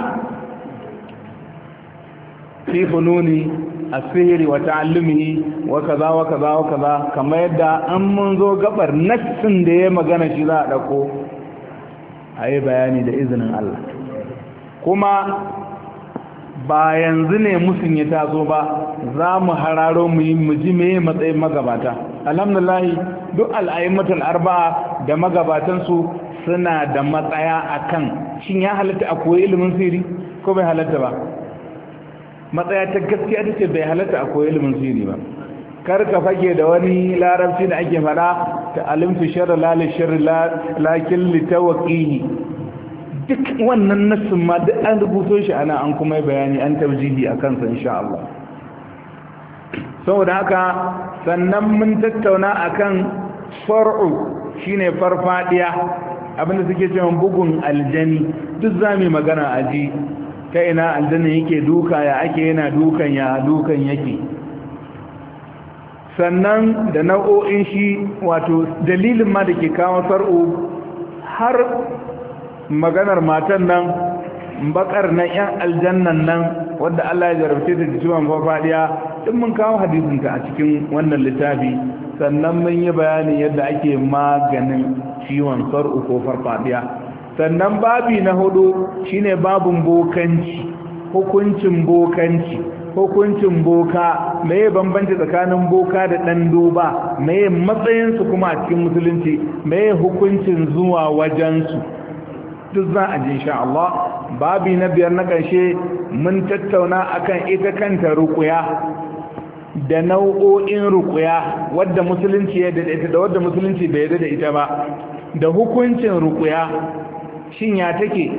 fi fununi asiri wa ta'allumi wa kaza wa kaza wa kaza kamar yadda an mun zo gabar nassin da ya magana shi za a dauko a yi bayani da izinin Allah kuma ba yanzu ne musun ya taso ba za mu hararo mu yi mu ji meye matsayin magabata alhamdulillahi duk al'ayyimatul arba'a da magabatansu suna da matsaya akan shin ya halatta a koyi ilimin sirri ko bai halatta ba matsaya ta gaskiya ta ce bai halatta a koyi ilimin sirri ba kar ka fage da wani larabci da ake fada ta alimtu sharri la li sharri lakin li duk wannan nassin ma duk an rubuto shi ana an kuma bayani an tarjihi a kansa insha Allah saboda haka sannan mun tattauna akan far'u shine farfadiya abinda suke cewa bugun aljani duk zamu magana aji ta ina aljani yake duka ya ake yana dukan ya dukan yake sannan da nau'o'in shi wato dalilin ma da ke kawo far'u har maganar matan nan bakar na yan aljannan nan wadda Allah ya jarabce ta ciwon farfadiya duk mun kawo hadisin ta a cikin wannan littafi sannan mun yi bayanin yadda ake maganin ciwon sar'u ko farfadiya sannan babi na hudu shine babun bokanci hukuncin bokanci hukuncin boka meye bambanci tsakanin boka da ɗan duba meye matsayinsu kuma a cikin musulunci meye hukuncin zuwa wajensu duk za a ji insha Allah babi na biyar na ƙarshe mun tattauna akan ita kanta rukuya da nau'o'in rukuya wadda musulunci ya da ita da wadda musulunci bai yarda da ita ba da hukuncin ruƙuya shin ya take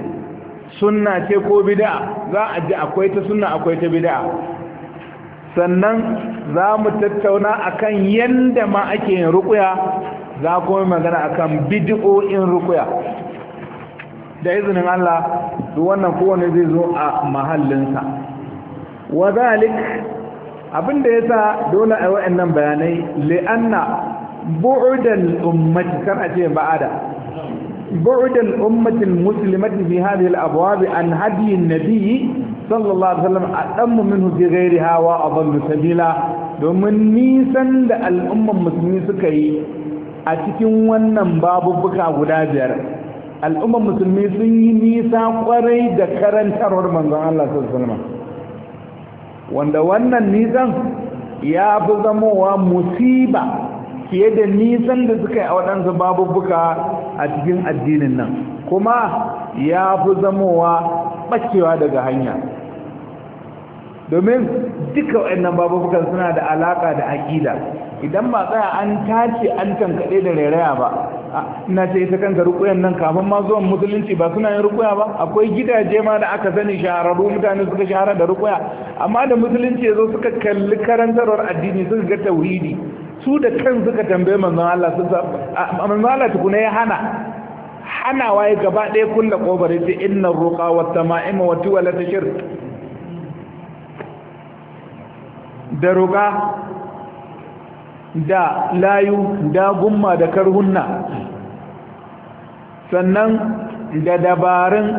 sunna ce ko bid'a za a ji akwai ta sunna akwai ta bid'a sannan za mu tattauna akan yanda ma ake yin ruƙuya za kuma magana akan bid'o'in rukuya. da izinin Allah duk wannan kowane zai zo a mahallinsa wa zalik abinda yasa dole a wayannan bayanai li'anna bu'dal ummati kar a ce ba'ada bu'dal ummati muslimati fi hadhihi al-abwab an hadi an-nabi sallallahu alaihi wasallam adammu minhu fi ghayriha wa adallu sabila domin nisan da al'ummar musulmi suka yi a cikin wannan babubbuka guda biyar al'ummar musulmi sun yi nisa kwarai da karantarwar manzon Allah sallallahu wanda wannan nisan ya fi zamowa musiba fiye da nisan da suka yi a waɗansu babubuka a cikin addinin nan kuma ya fi zamowa ɓacewa daga hanya domin duka waɗannan babubukan suna da alaƙa da aƙida idan ba tsaya an tace an tankaɗe da rairaya ba ina ce ita kanka rukuyan nan kafin ma zuwan musulunci ba suna yin rukuya ba akwai gidaje ma da aka sani shahararru mutane suka shahara da rukuya amma da musulunci ya zo suka kalli karantarwar addini suka ga tauhidi su da kan suka tambaye manzon Allah su manzon Allah tukuna ya hana hana waye gaba ɗaya kulla ƙofar ya ce inna ruqa wa tama'ima wa tuwala tashir da ruqa da layu da gumma da karhunna sannan da dabarun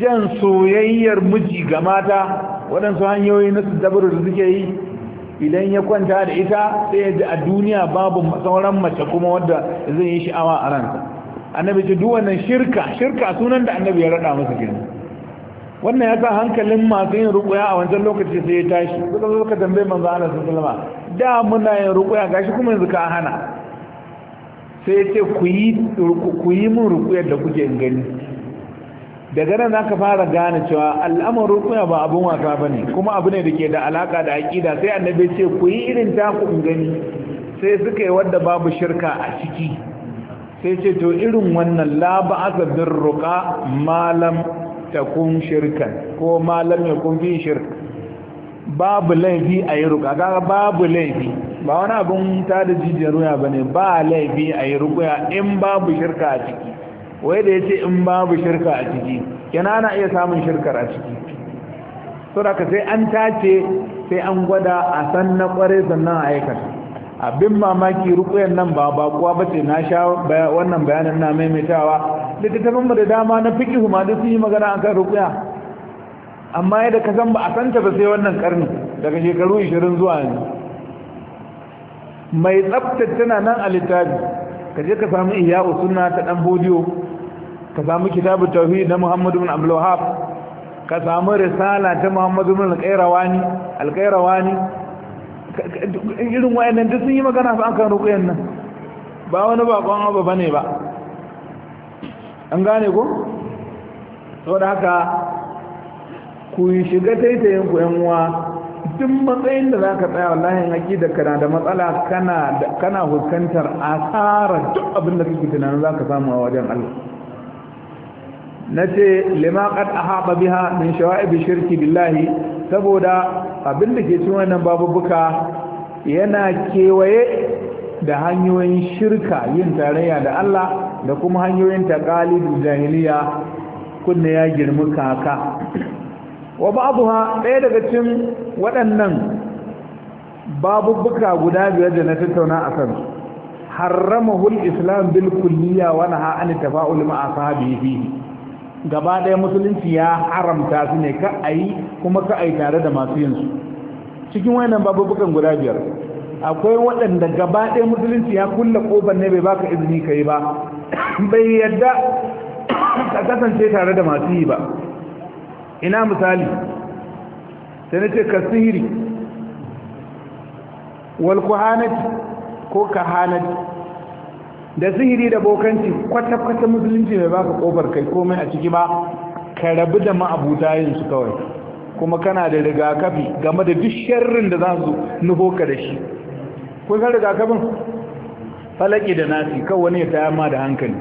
jan soyayyar miji ga mata waɗansu hanyoyi na dabaru da suke yi idan ya kwanta da ita sai yadda a duniya babu sauran mace kuma wadda zai yi sha'awa a ransa annabi ce duk wannan shirka shirka sunan da annabi ya rada masa kenan wannan ya sa hankalin masu yin ruƙuya a wancan lokaci sai ya tashi suka zo suka tambaye manzo Allah sallallahu alaihi wasallam da muna yin rukuya gashi kuma yanzu ka hana sai ce ku yi mun rukuyar da kuke gani daga nan za fara gane cewa al'amar rukuya ba abin wasa ba ne kuma abu ne da ke da alaka da aƙida sai annabi ce ku yi irin taku in gani sai suka yi wadda babu shirka a ciki sai ce to irin wannan la ba bin ruka malam takun shirkan ko malam ya kun fi shirka babu laifi a yi ruka ga babu laifi ba wani abin ta da jijiyar wuya ba ne ba laifi a yi rukuya in babu shirka a ciki wai da yace in babu shirka a ciki yana ana iya samun shirkar a ciki saboda sai an tace sai an gwada a san na kware sannan a aikata abin mamaki rukuyan nan ba ba kuwa ba ce na sha wannan bayanan na maimaitawa littattafan mu da dama na fikihu ma duk sun yi magana akan rukuya amma yadda ka san ba a santa ba sai wannan karni daga shekaru 20 zuwa yanzu mai tsaftar tana nan a littafi ka je ka samu iyawu sunna ta dan bodiyo ka samu kitabu tauhid na muhammadu bin abdul wahab ka samu risala ta muhammadu bin alqairawani alqairawani irin wayannan duk sun yi magana su an kan ruqyan nan ba wani bakon abu bane ba an gane ko saboda haka ku shiga taitayin ku yan uwa duk matsayin da zaka tsaya wallahi da kana da matsala kana kana hukantar asara duk abin da kake tunanin zaka samu a wajen Allah nace lima qad ahaba biha min shawa'ib shirki billahi saboda abin da ke cikin wannan babubuka yana kewaye da hanyoyin shirka yin tarayya da Allah da kuma hanyoyin taqalidu jahiliya kunne ya girmi kaka wa ha ɗaya daga cikin waɗannan babu-buka guda biyar da na tattauna a kan harramahul islam bil kulliya wa naha an tafa'ul ma fi gaba ɗaya musulunci ya haramta su ne ka ayi kuma ka ayi tare da masu yin su cikin wayannan babubbukan guda biyar akwai waɗanda gaba ɗaya musulunci ya kulle kofar ne bai baka izini kai ba bai yadda ka kasance tare da masu yi ba ina misali sai na ce ka sihiri wal kuhanati ko kahanati da sihiri da bokanci kwata-kwata musulunci bai baka kofar kai komai a ciki ba ka rabu da ma'abuta yin su kawai kuma kana da rigakafi game da duk sharrin da za su nufo ka da shi kun san rigakafin falaki da nasi kawai wani ya tayar ma da hankali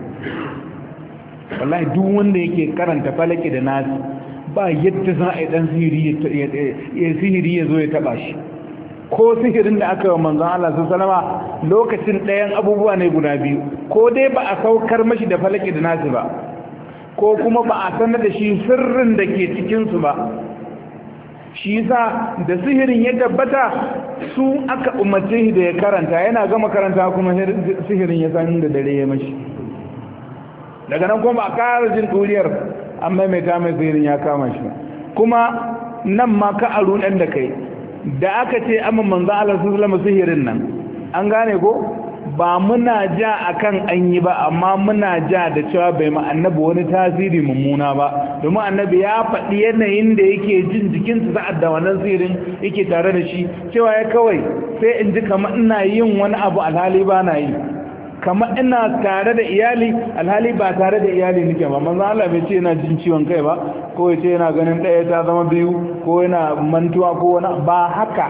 wallahi duk wanda yake karanta falaki da nasi ba yadda za a yi dan sihiri ya zo ya taba shi ko sihirin da aka yi manzon Allah su salama lokacin ɗayan abubuwa ne guda biyu ko dai ba a saukar mashi da falaki da nasu ba ko kuma ba a sanar da shi sirrin da ke cikinsu ba shi yasa da sihirin ya tabbata su aka umarce shi da ya karanta yana gama karanta kuma sihirin ya san da dare ya mashi daga nan kuma ba a ƙara jin duniyar an maimaita mai zirin ya kama shi kuma nan ma ka aru ɗan da kai da aka ce amma manzo Allah sun zama sihirin nan an gane ko ba muna ja akan an yi ba amma muna ja da cewa bai ma annabi wani tasiri mummuna ba domin annabi ya faɗi yanayin da yake jin jikin su za'ad da wannan sirrin yake tare da shi cewa ya kawai sai in ji kamar ina yin wani abu alhali ba na yi kama ina tare da iyali alhali ba tare da iyali nake ba manzo Allah bai ce yana jin ciwon kai ba ko ya ce yana ganin ɗaya ta zama biyu ko yana mantuwa ko wani ba haka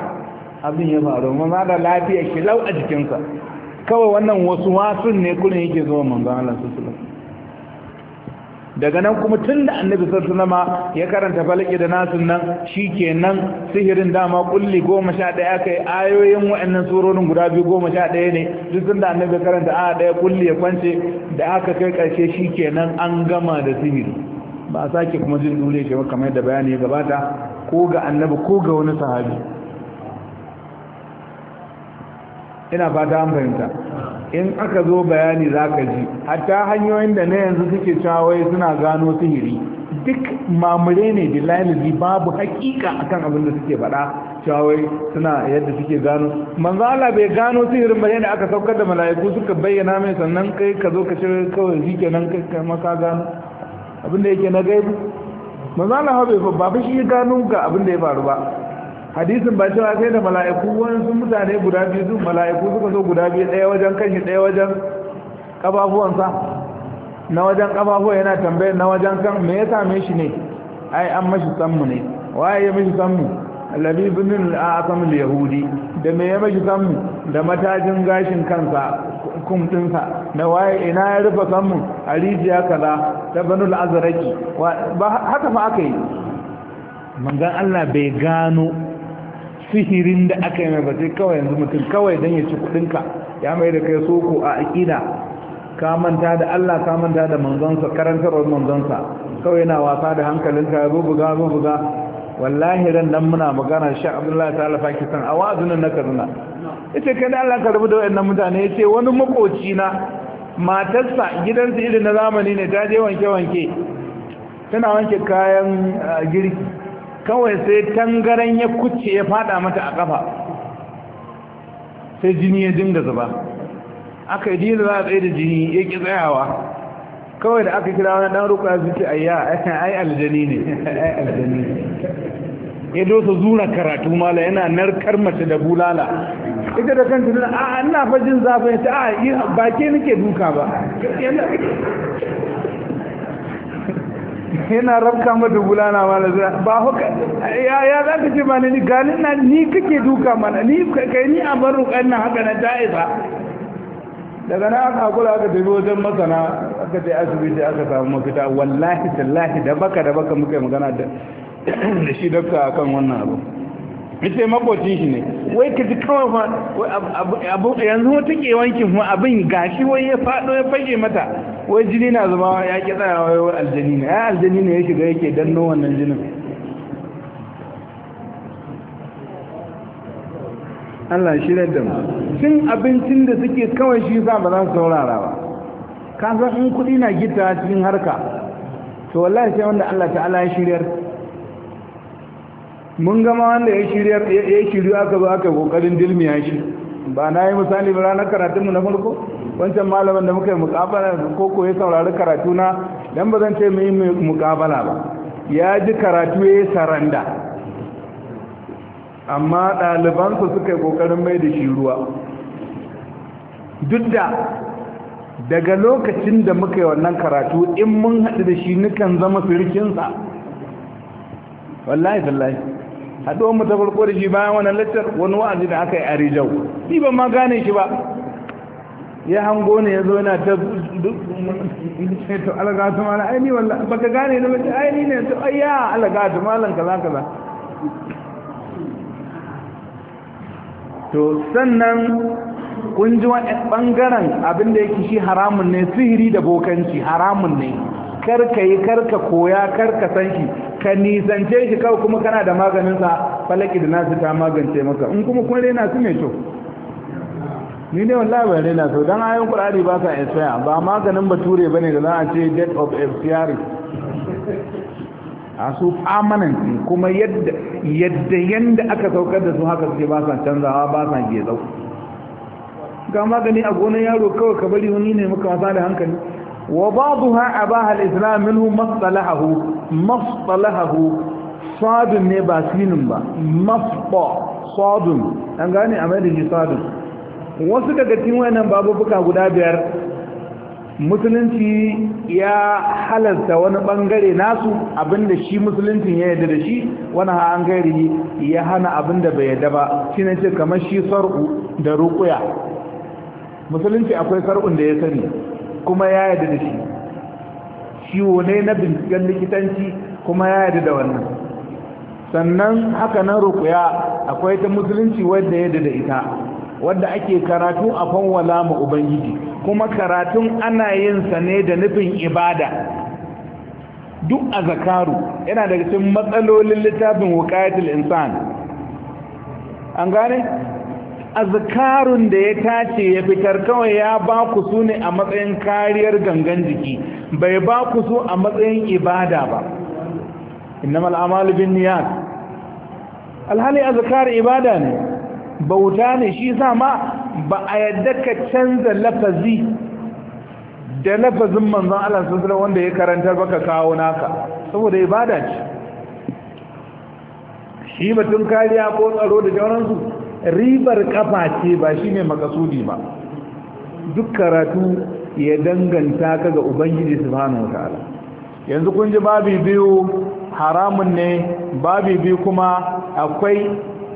abin ya faru manzo Allah lafiya kilau a jikinsa kawai wannan wasu wasun ne kullun yake zuwa manzo Allah sallallahu alaihi daga nan kuma tun da annabi sassanama ya karanta falaki da nasun nan shi ke nan sihirin dama kulli goma sha ɗaya kai ayoyin wa'annan surorin guda biyu goma sha ɗaya ne duk tun da annabi karanta a ɗaya kulli ya kwance da aka kai ƙarshe shi ke nan an gama da sihiri ba a sake kuma jin dole shi kamar yadda bayani ya gabata ko ga annabi ko ga wani sahabi ina fata an fahimta in aka zo bayani za ka ji hatta hanyoyin da na yanzu suke cawai suna gano sihiri duk mamure ne da lalibi babu hakika akan abin da suke faɗa cawai suna yadda suke gano manzo Allah bai gano sihirin ba da aka saukar da mala'iku suka bayyana mai sannan kai ka zo ka ci kawai shikenan kai maka gano abin da yake na gaibu manzo Allah bai ba ba shi gano ga abin da ya faru ba hadisin ba cewa sai da mala'iku wani mutane guda biyu sun mala'iku suka zo guda biyu ɗaya wajen kanshi ɗaya wajen ƙafafuwansa na wajen ƙafafuwa yana tambayar na wajen kan me ya same shi ne ai an mashi sammu ne waye ya mashi sammu labi binin al yahudi da me ya mashi sammu da matajin gashin kansa kum ɗinsa na waye ina ya rufe sammu alijiya rijiya kaza ta banul azraki ba haka fa aka yi manzon Allah bai gano sihirin da aka yi mai sai kawai yanzu mutum kawai don ya ci kudinka ya mai da kai soko a aƙida ka manta da Allah ka manta da manzonsa karantarwar manzonsa kawai yana wasa da hankalinka ya bubuga bubuga wallahi ran nan muna magana sha Abdullahi ta'ala Pakistan a wa'azin na Kaduna yace kai da Allah ka rubu da wannan mutane yace wani makoci na matarsa gidansa irin na zamani ne ta je wanke wanke tana wanke kayan ah, girki kawai sai tangaran ya kucce ya fada mata a kafa sai jini ya dinga zuba aka yi jini za a tsaye da jini ya ki tsayawa kawai da aka kira wani dan ruka su ce ayya ai aljani ne ai aljani ne ya dosa zura karatu mala yana narkar mace da bulala ita da kanta na a ina fa jin zafin ta a yi baki nake duka ba yana rabka mata bulana mana zira ba haka ya ya za ka ce mana ni gani na ni kake duka mana ni kai ni a bar rukan nan haka na ja'iza daga na aka kula aka tafi wajen masana aka je asibiti aka samu mafita wallahi tallahi da baka da baka muke magana da [CLEARS THROAT] shi dakta akan wannan abu ita makocin shi ne wai ka ji kawai fa abu yanzu wata ke wankin kuma abin gashi wai ya fado ya fage mata wai jini na zuba ya ki tsayawa wai aljani ne ya aljani ne ya shiga yake danno wannan jinin Allah shi da mu abincin da suke kawai shi sa ba za su saurara ba ka san in kuɗi na gita cikin harka to wallahi sai wanda Allah ta'ala ya shiryar mun gama wanda ya shirya aka zo aka kokarin dilmiya shi ba na yi misali ba ranar karatunmu na farko wancan malamin da muka yi mukabala ko ko ya saurari karatu na dan ba zan ce mai mukabala ba ya ji karatu ya saranda amma ɗalibansa suka yi ƙoƙarin mai da shi ruwa duk da daga lokacin da muka yi wannan karatu in mun haɗu da shi nukan zama firkinsa wallahi wallahi haɗuwar mu ta farko da shi bayan wannan lecture wani wa'azi da aka yi a rijau ni ban ma gane shi ba ya hango ne ya zo yana ta [LAUGHS] to alaga ta mala ai ni walla baka gane ni ba ai ni ne to ayya alaga ta malan kaza kaza to sannan kun ji wani bangaren abin da yake shi haramun ne sihiri da bokanci haramun ne karka yi karka koya karka san shi ka nisance shi kawai kuma kana da maganinsa falaki da nasu ta magance maka in kuma kun rena su mai kyau ni ne wallahi ban rena su don ayon qur'ani ba sa isaya ba maganin bature ba ne da za a ce death of expiry a su permanent kuma yadda yadda yanda aka saukar da su haka suke ba sa canzawa ba sa zau ga magani a gonar yaro kawai ka bari wani ne muka wasa da hankali وبعضها أباها الإسلام منه مصطلحه مصطلحه صاد نباسين با مصطع صاد أنقاني أمالي صادم wasu daga cikin wayannan babubuka guda biyar musulunci ya halarta wani bangare nasu abinda shi musulunci ya yarda da shi wani hangari gari ya hana abinda bai yarda ba shi na ce kamar shi sar'u da rukuya musulunci akwai sar'un da ya sani kuma ya yarda da shi ciwo ne na binciken likitanci kuma ya yarda da wannan sannan haka nan rukuya akwai ta musulunci wadda ya da ita wanda ake karatu a fanwala ma ubangiji kuma karatun ana yin sa ne da nufin ibada duk a zakaru yana daga cikin matsalolin littafin wukayatul insan an gane azkarun da ya tace ya fitar kawai ya ba ku su ne a matsayin kariyar gangan jiki bai ba ku su a matsayin ibada ba innamal amalu bin niyyat alhali azkar ibada ne bauta ne shi sa ma ba a yadda ka canza lafazi da lafazin manzon Allah sallallahu alaihi wanda ya karanta baka kawo naka saboda ibada ce shi batun kariya ko tsaro da sauransu ribar kafa ce ba shine makasudi ba duk karatu ya danganta ka ga ubangiji subhanahu wataala yanzu kun ji babi biyu haramun ne babi biyu kuma akwai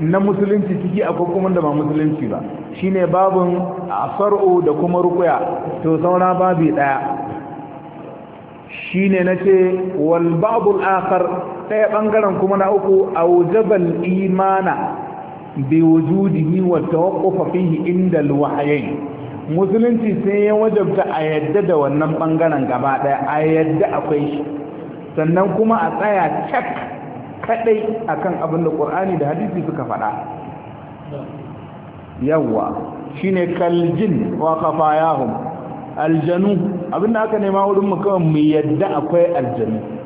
na musulunci ciki akwai kuma da ba musulunci ba shine babin asar'u da kuma rukuya to saura babi daya shine nace wal babul akhar daya bangaren kuma na uku aujabal imana biwujudihi wa tawaqqufa fihi inda alwahyayn musulunci sai ya wajabta a yadda da wannan bangaren gaba daya a yadda akwai shi sannan kuma a tsaya cak kadai akan abin da qur'ani da hadisi suka faɗa yawa shine kaljin wa khafayahum aljanu abinda aka nema wurin mu kawai mu yadda akwai aljanu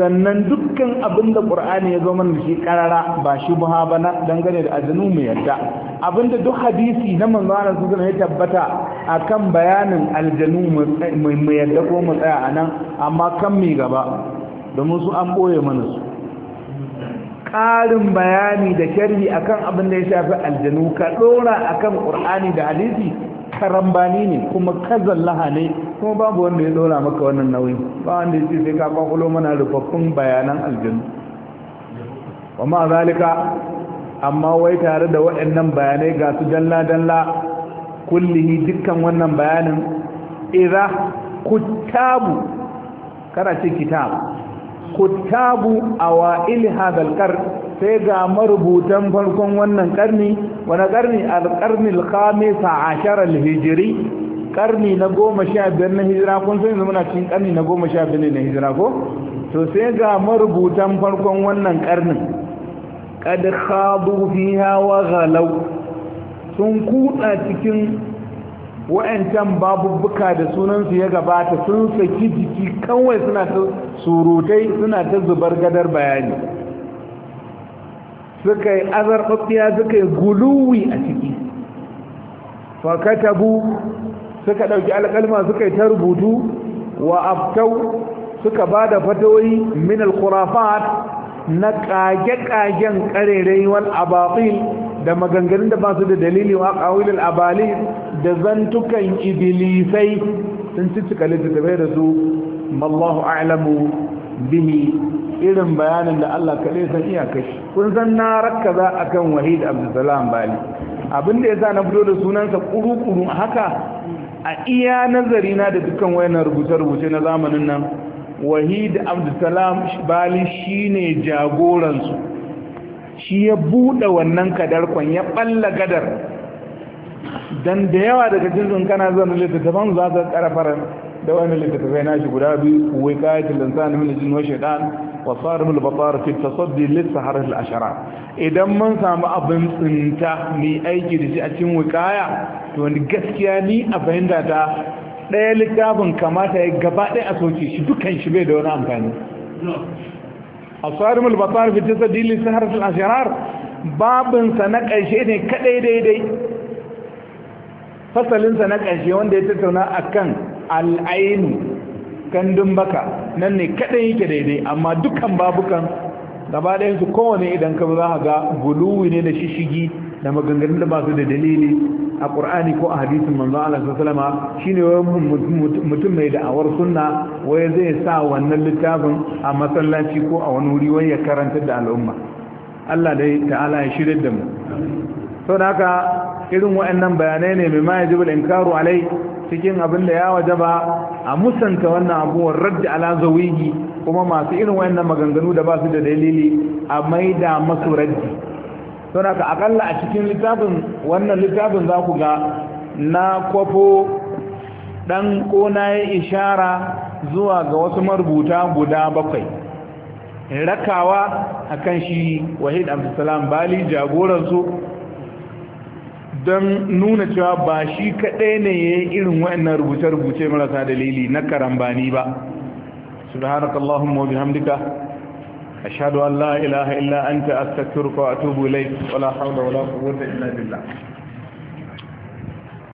sannan dukkan abin da ƙur'ani ya zo mana shi karara ba shi buha ba na dangane da azanu mu yadda abin da duk hadisi na manzo Allah su ya tabbata akan bayanin aljanu mu yadda ko mu tsaya anan amma kan mai gaba domin su an boye mana su ƙarin bayani da sharhi akan abin da ya shafi aljanu ka ɗora akan ƙur'ani da hadisi karambani ne kuma kazan laha ne kuma babu wanda ya dora maka wannan nauyi ba wanda ya ce sai ka kwakwalo mana rufaffun bayanan aljanu ba ma zalika amma wai tare da waɗannan bayanai ga su dalla-dalla kullihi dukkan wannan bayanin idza kuttabu kada ce kitab kuttabu awail hadal qarn sai ga marubutan farkon wannan karni wani karni alkarnil khamisa ashara alhijiri karni na goma sha biyar na hijira kun sai zama na cikin karni na goma sha biyar na hijira ko to sai ga marubutan farkon wannan karnin kad khadu fiha wa ghalaw sun kuda cikin wa'ancan babubbuka da sunansu ya gabata sun saki jiki kawai suna ta surutai suna ta zubar gadar bayani suka yi azarɓaɓɓiya suka yi guluwi a ciki fakatabu suka ɗauki alƙalma suka yi ta rubutu wa aftau suka ba da fatawoyi min alkurafat na ƙage-ƙagen ƙarerai wal abatil da maganganun da ba su da dalili wa ƙawilin abali da zantukan ibilisai sun ci littattafai da su mallahu a'lamu bihi irin bayanin da Allah kaɗai san iyakar kun san na a akan wahid abdulsalam bali abin da yasa na fito da sunansa kuru-kuru haka a iya nazari na da dukkan wayannan rubuce-rubuce na zamanin nan wahid abdulsalam bali shine jagoransu shi ya buɗe wannan kadarkon ya ɓalla gadar dan da yawa daga cikin kana zan littattafan za su ƙara da wani littattafai nashi guda biyu wai kayatul insani min jin wa shaytan wa tsarin batar fi tasaddi lissa har al ashara idan mun samu abin tsinta mai aiki da shi a cikin wikaya to wani gaskiya ni a fahimta ta ɗaya littafin kamata ya gaba ɗaya a soke shi dukkan shi bai da wani amfani a sarmul batar fi tasaddi lis sahar ashara babinsa na ƙarshe ne kaɗai daidai fasalinsa na ƙarshe wanda ya tattauna akan al'ainu kandun baka nan ne kaɗai yake daidai amma dukkan babukan gaba ɗayan su kowane idan ka za ga guluwi ne da shishigi da maganganun da ba su da dalili a ƙur'ani ko a hadisin manzo Allah sallallahu shine mutum mai da'awar sunna waye zai sa wannan littafin a masallaci ko a wani wuri waye ya karanta da al'umma Allah dai ta'ala ya shirye da mu saboda haka irin waɗannan bayanai ne mai ma yajibul inkaru alai cikin abin da ya wajaba a musanta wannan abuwar raddi ala zawigi kuma masu irin wayannan maganganu da ba su da dalili a maida masu raddi don haka akalla a cikin littafin wannan littafin za ku ga na kwafo dan kona ya ishara zuwa ga wasu marubuta guda bakwai rakawa akan shi wahid abdulsalam bali jagoransu don nuna cewa ba shi kaɗai ne ya yi irin wa'annan rubuce-rubuce marasa dalili na karambani ba subhanakallahumma wa hamdika ashhadu an la ilaha illa anta astaghfiruka wa atubu wala hawla wala billah